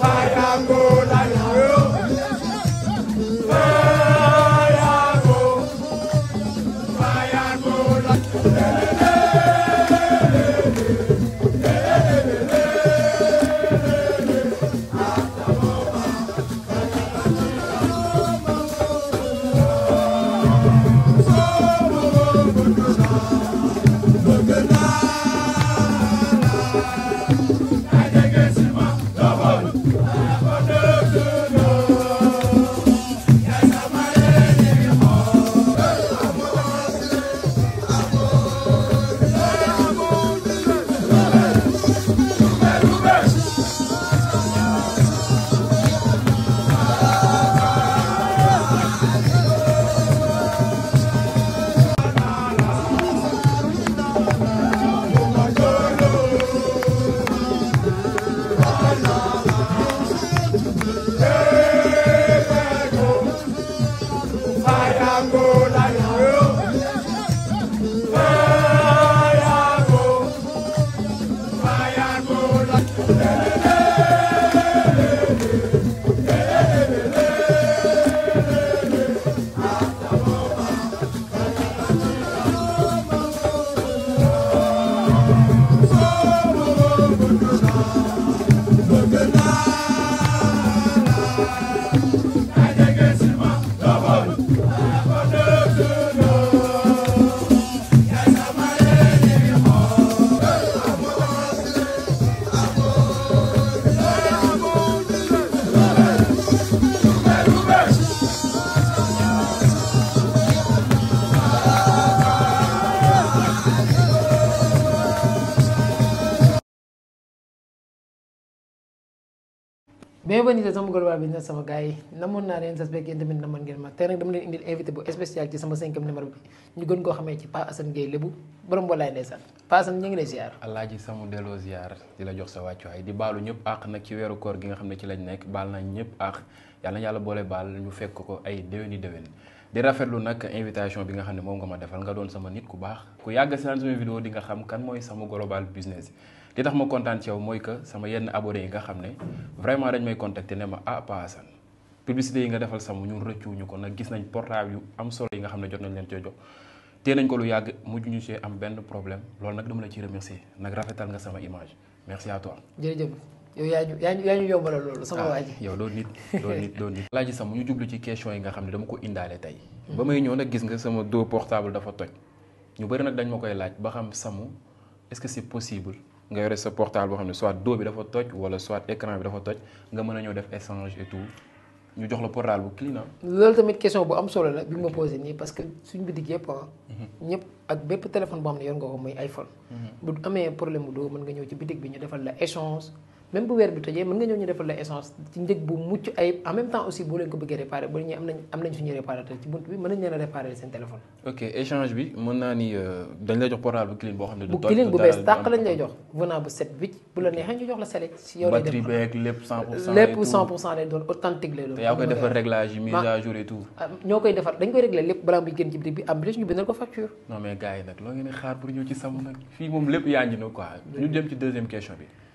Xayango bienvenue sama global business sama gars yi namoon naa leen sas beeg yéen tamit namoon ngeen ma tey nag dama leen indil invité bu ci sama cinquième numéro bi ñu gën koo xamee ci Pa Assane Gueye lébu borom walaay ndeysaan Pa Assane ñu ngi lay ziar alaaji sama delloo ziar di la jox sa wàccuwaay di baalu ñëpp àq nag ci weeru koor gi nga xam ne ci lañ nekk baal nañ ñëpp àq yàlla yàlla boole baal ñu fekk ko ay déwéni déwén di rafetlu nag invitation bi nga xam ne moom nga ma defal nga doon sama nit ku baax ku yàgg si naan sama vidéo di nga xam kan mooy sama global business li tax ma kontaan ci mooy que sama yenn abonné yi nga xam ne vraiment dañ may contacter ne ma ah Pa Assane publicité yi nga defal sama ñun rëccuwuñu ko nag gis nañ portable yu am solo yi nga xam ne jot nañ leen cee jox tee nañ ko lu yàgg mujj ñu see am benn problème loolu nag dama la ci remercier nag rafetal nga sama image merci yow yaa ñu yaa ñu yombalal loolu sama ah, waa ji yow doo nit doo nit doo nit laaji sama ñu jublu ci question yi nga xam ne dama ko indaale tey mm. ba may ñëw nag gis nga sama dos portable dafa toj ñu bëri nag dañ ma koy laaj ba xam samu est-ce que c'est possible nga yore sa portable boo xam ne soit dos bi dafa toj wala soit écran bi dafa toj nga mën a ñëw def échange et tout ñu jox la portable bu clean ah. loolu tamit question bu am solo la bi ma posé nii parce que suñu bitig yëpp ah. Mhm. ñëpp ak bépp téléphone boo xam ne yor mhm. bi ñu defal même bu weer bi tojee mën nga ñëw ñu defal la essence ci njëg bu mucc ayib en même temps aussi boo leen ko bëggee réparé ba am nañ suñu réparateur ci bunt bi mën nañ leen réparé seen téléphone. ok échange bi mën naa ni euh, dañ lay jox portable bu clean boo xam ne. bu lay jox venant bu set wicc bu la neexee ñu jox la sele si yow lay def batterie beeg lépp 100% ah, lépp balaa muy génn ci biir bi am bi ñu bindal ko facture. non mais gars nag loo ngeen di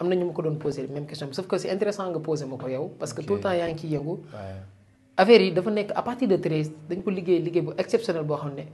am na ñu ma ko doon posé même question bi sauf que c'est intéressant nga posé ma ko yow. parce que tout temps yaa ngi ciy yëngu. affaire yi dafa nekk à partir de treize dañ ko liggéey liggéey bu exceptionnel boo xam ne.